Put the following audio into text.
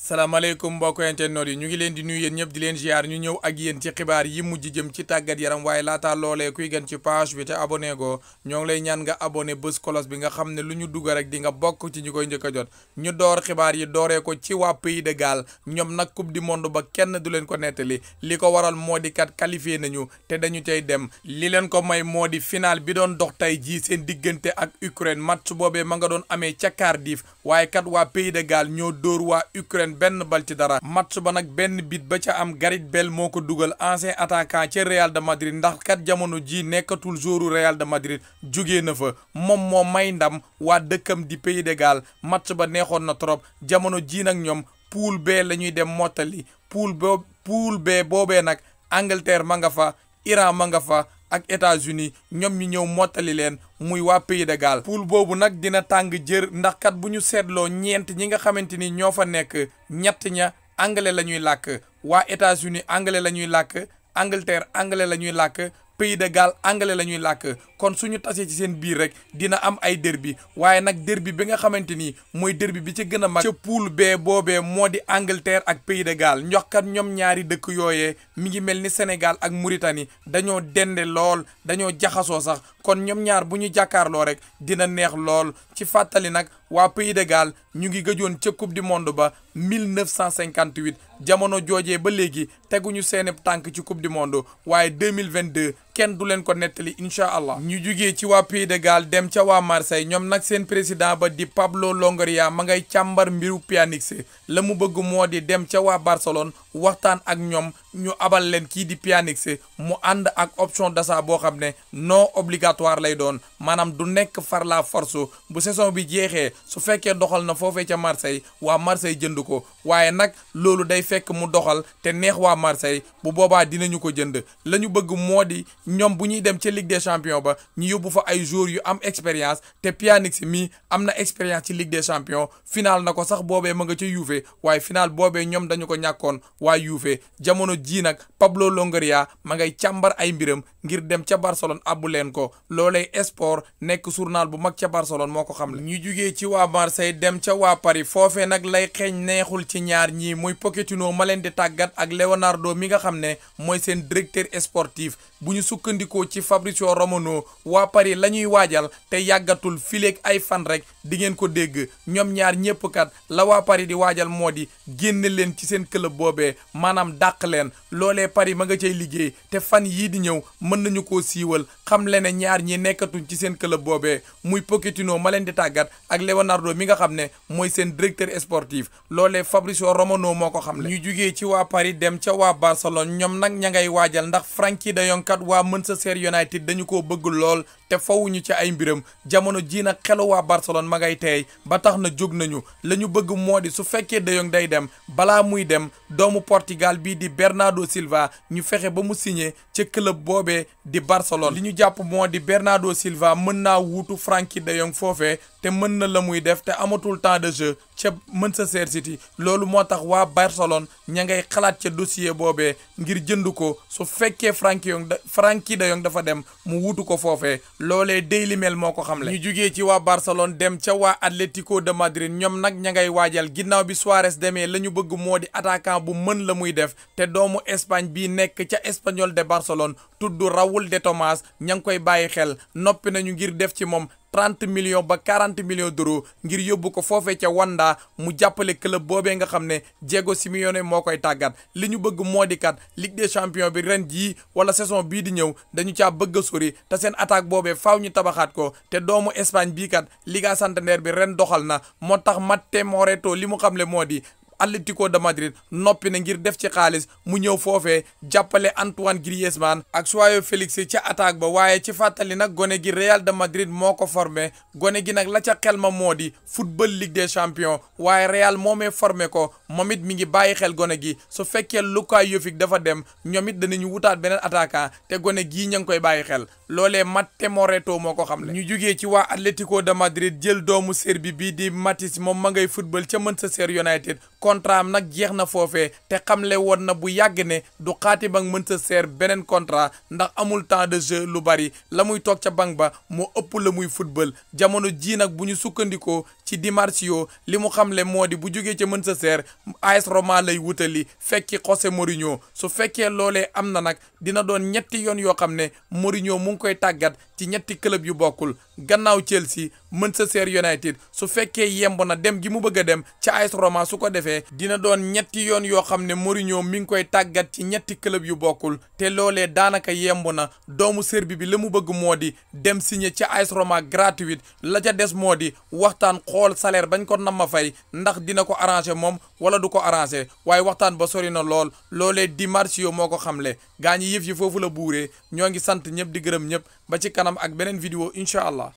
salaamaaleykum mbokk internet yi ñu ngi leen di nuyu yéen ñëpp di leen ger ñu ñëw ak yéen ci xibaar yi mujj jëm ci tàggat yaram waaye laata loolee kuy gën ci page bi te abone go ñoo ngi lay ñaan nga abone bés kolos bi nga xam ne lu ñu dugg rek di nga bokk ci ñu koy njëkk a jot ñu door xibaar yi dooree ko ci waa pays de Galles ñoom nag coupe di monde ba kenn du leen ko nettali li ko waral moo di kat qualifié nañu te dañu cay dem li leen ko may moo di final bi doon dox tey jii seen diggante ak Ukraine match boobee ma nga doon amee ca Cardiff waaye kat waa pays de Galles ñoo waa benn bal ci dara match ba nag benn bit ba ca am Gareth Bale moo ko dugal ancien attaquant ca Real de Madrid ndax kat jamono ji nekkatul joueuru réal de Madrid jógee na fa moom moo may ndam waa dëkkam di Pays de Galles match ba neexoon na trop jamono ji nag ñoom poule B la ñuy dem mottali poule bo poule B boobee nag Angleterre ma nga fa Iran ma nga fa ak États-Unis ñoom ñu ñëw mottali leen muy waa Pays de Galles poule boobu nag dina tàng jër ndax kat bu ñu seetloo ñeent ñi nga xamante ni ñoo fa nekk ñett ña anglais la ñuy làkk waa États-Unis anglais la ñuy làkk Angleterre anglais la ñuy làkk Pays de Galles anglais la ñuy làkk kon suñu tasee ci seen biir rek dina am ay derbi waaye nag derbi bi nga xamante ni mooy derbi bi ca gën a mag ca poule bee boobee moo di Angleterre ak Pays njoxkat ñoom ñaari dëkk yooyee mi ngi mel ni Sénégal ak muritani dañoo dende lool dañoo jaxasoo sax kon ñoom ñaar bu ñu jàkkaarloo rek dina neex lool ci fàttali nag waa Pays ñu ngi gëjoon ca coupe du monde ba 1958 jamono joojee ba léegi teguñu seen tànk ci coupe du monde waaye 2022 kenn du leen ko nettali incha allah. ñu jugee ci waa Pays de Galles dem ca waa Marseille ñoom nag seen président ba di Pablo Longoria ma ngay càmbar mbiru Pjanic la mu bëgg moo di dem ca waa Barcelone waxtaan ak ñoom ñu abal leen kii di Pjanic mu ànd ak option d'achat boo xam ne non obligatoire lay doon maanaam du nekk farlaa force bu saison bi jeexee su fekkee doxal na foofee ca Marseille waa Marseille jënd ko waaye nag loolu day fekk mu doxal te neex waa Marseille bu boobaa dinañu ko jënd la ñu bëgg moo di ñoom bu ñuy dem ca Ligue des ba ñu yóbbu fa ay joueurs yu am expérience te Pjanic mii am na expérience ci Ligue des champions final na ko sax boobee ma nga ca Juve waaye final boobee ñoom dañu ko ñàkkoon waa Juve jamono jii nag Pablo Longoria ma ngay càmbar ay mbiram ngir dem ca Barcelone abu leen ko loolee sport nekk journal bu mag ca Barcelone moo ko xam la ñu jugee ci waa Marseille dem ca waa Paris foofee nag lay xeeñ neexul ci ñaar ñii muy Pochettino ma leen di tàggat ak Leonardo mi nga xam ne mooy seen directeur sportif bu ñu sukkandikoo ci Fabrizio Romano waa Paris la ñuy waajal te yàggatul fileeg ay fan rek di ngeen ko dégg ñoom ñaar ñépp la waa Paris di waajal moo di génne leen ci seen club boobee maanaam dàq leen loolee Paris ma nga cay liggéey te fan yii di ñëw mën nañu koo siiwal xam le ñaar ñi nekkatuñ ci seen club boobee muy Pochettino ma leen di tàggat ak Leonardo mi nga xam ne mooy seen directeur sportif loolee Fabrizio Romano moo ko xam le ñu jógee ci waa Paris dem ca waa Barcelone ñoom nag ña ngay waajal ndax Frenkie de Jong kat waa Manchester United dañu koo bëggul lool te fawuñu ci ay mbiram jamono jii nag xelu waa Barcelone ma ngay ba tax na jóg nañu la ñu bëgg moo di su fekkee De day dem balaa muy dem doomu portigal bii di Bernardo Silva ñu fexe ba mu signé ca club boobee di Barcelone li ñu jàpp moo di Bernardo Silva mën naa wuutu franki De foofee te mën na la muy def te amatul temps de jeu ca Manchester City loolu moo tax waa Barcelone ña ngay xalaat ca dossier boobee ngir jënd ko su fekkee Frenkie De dafa dem mu wuutu ko foofee loole Daily Mail moo ko xam xamle ñu jugee ci waa Barcelone dem ca waa Atlético de Madrid ñoom nag ña ngay waajal ginnaaw bi Suarez demee la ñu bëgg moo di attaquant bu mën la muy def te doomu Espagne bi nekk ca Espanyol de Barcelone tudd Raúl de Tomás ña ngi koy bàyyi xel noppi nañu ngir def ci moom 30 million ba quarante millions d'euros ngir yóbbu ko foofee ca Wanda mu jàppale club boobee nga xam ne Diego Simeone moo koy tàggat li ñu bëgg moo di kat Ligue des champions bi ren jii wala saison bii di ñëw dañu caa bëgg a sori te seen attaque boobee faaw ñu tabaxaat ko te doomu Espagne bii kat Liga Santander bi ren doxal na moo tax Matte Moreto li mu xamle moo di Atlético de Madrid noppi na ngir def ci xaalis mu ñëw foofee jàppale Antoine Griezmann ak Joao Félix ca attaque ba waaye ci fàttali nag gone gi Real de Madrid moo ko formé gone gi nag la ca xel ma moo di football Ligue des champions waaye Real moomee formé ko moom mi ngi bàyyi xel gone gi su fekkee Luka Jovic dafa dem ñoom it danañu wutaat beneen attaquant te gone gii ña ngi koy bàyyi xel loole Matte Moreto moo ko xam le ñu jugee ci waa Atlético de Madrid jël doomu Serbie bii di Matic moom ma ngay football ca Manchester United. contrat am nag jeex na foofee te xamle woon na bu yàgg ne du xaatim ak Manchester beneen contrat ndax amul temps de jeu lu bari la muy toog ca banc ba mu ëpp la muy football jamono jii nag bu ñu sukkandikoo ci Di Marzio li mu xam xamle moo di bu jógee ca Manchester AS Roma lay wutali fekki José Mourinho su fekkee loolee am na nag dina doon ñetti yoon yoo xam ne Mourinho mu ngi koy tàggat ci ñetti club yu bokkul gannaaw Chelsea Manchester United su fekkee yemb na dem gi mu bëgg a dem ca AS Roma su ko defee dina doon ñetti yoon yoo xam ne Mourinho mi ngi koy tàggat ci ñetti club yu bokkul te loolee daanaka yemb na doomu Serbie bi la mu bëgg moo di dem signé ca AS Roma gratuite la ca des moo di waxtaan xool salaire bañ ko nam ma fay ndax dina ko arrangé moom wala du ko arrangé waaye waxtaan ba sori na lool loolee Di Marzio moo ko xamle gaa ñi yëf yi foofu la buuree ñoo ngi sant ñëpp di gërëm ñëpp ba ci kanam ak beneen vidéo incha allah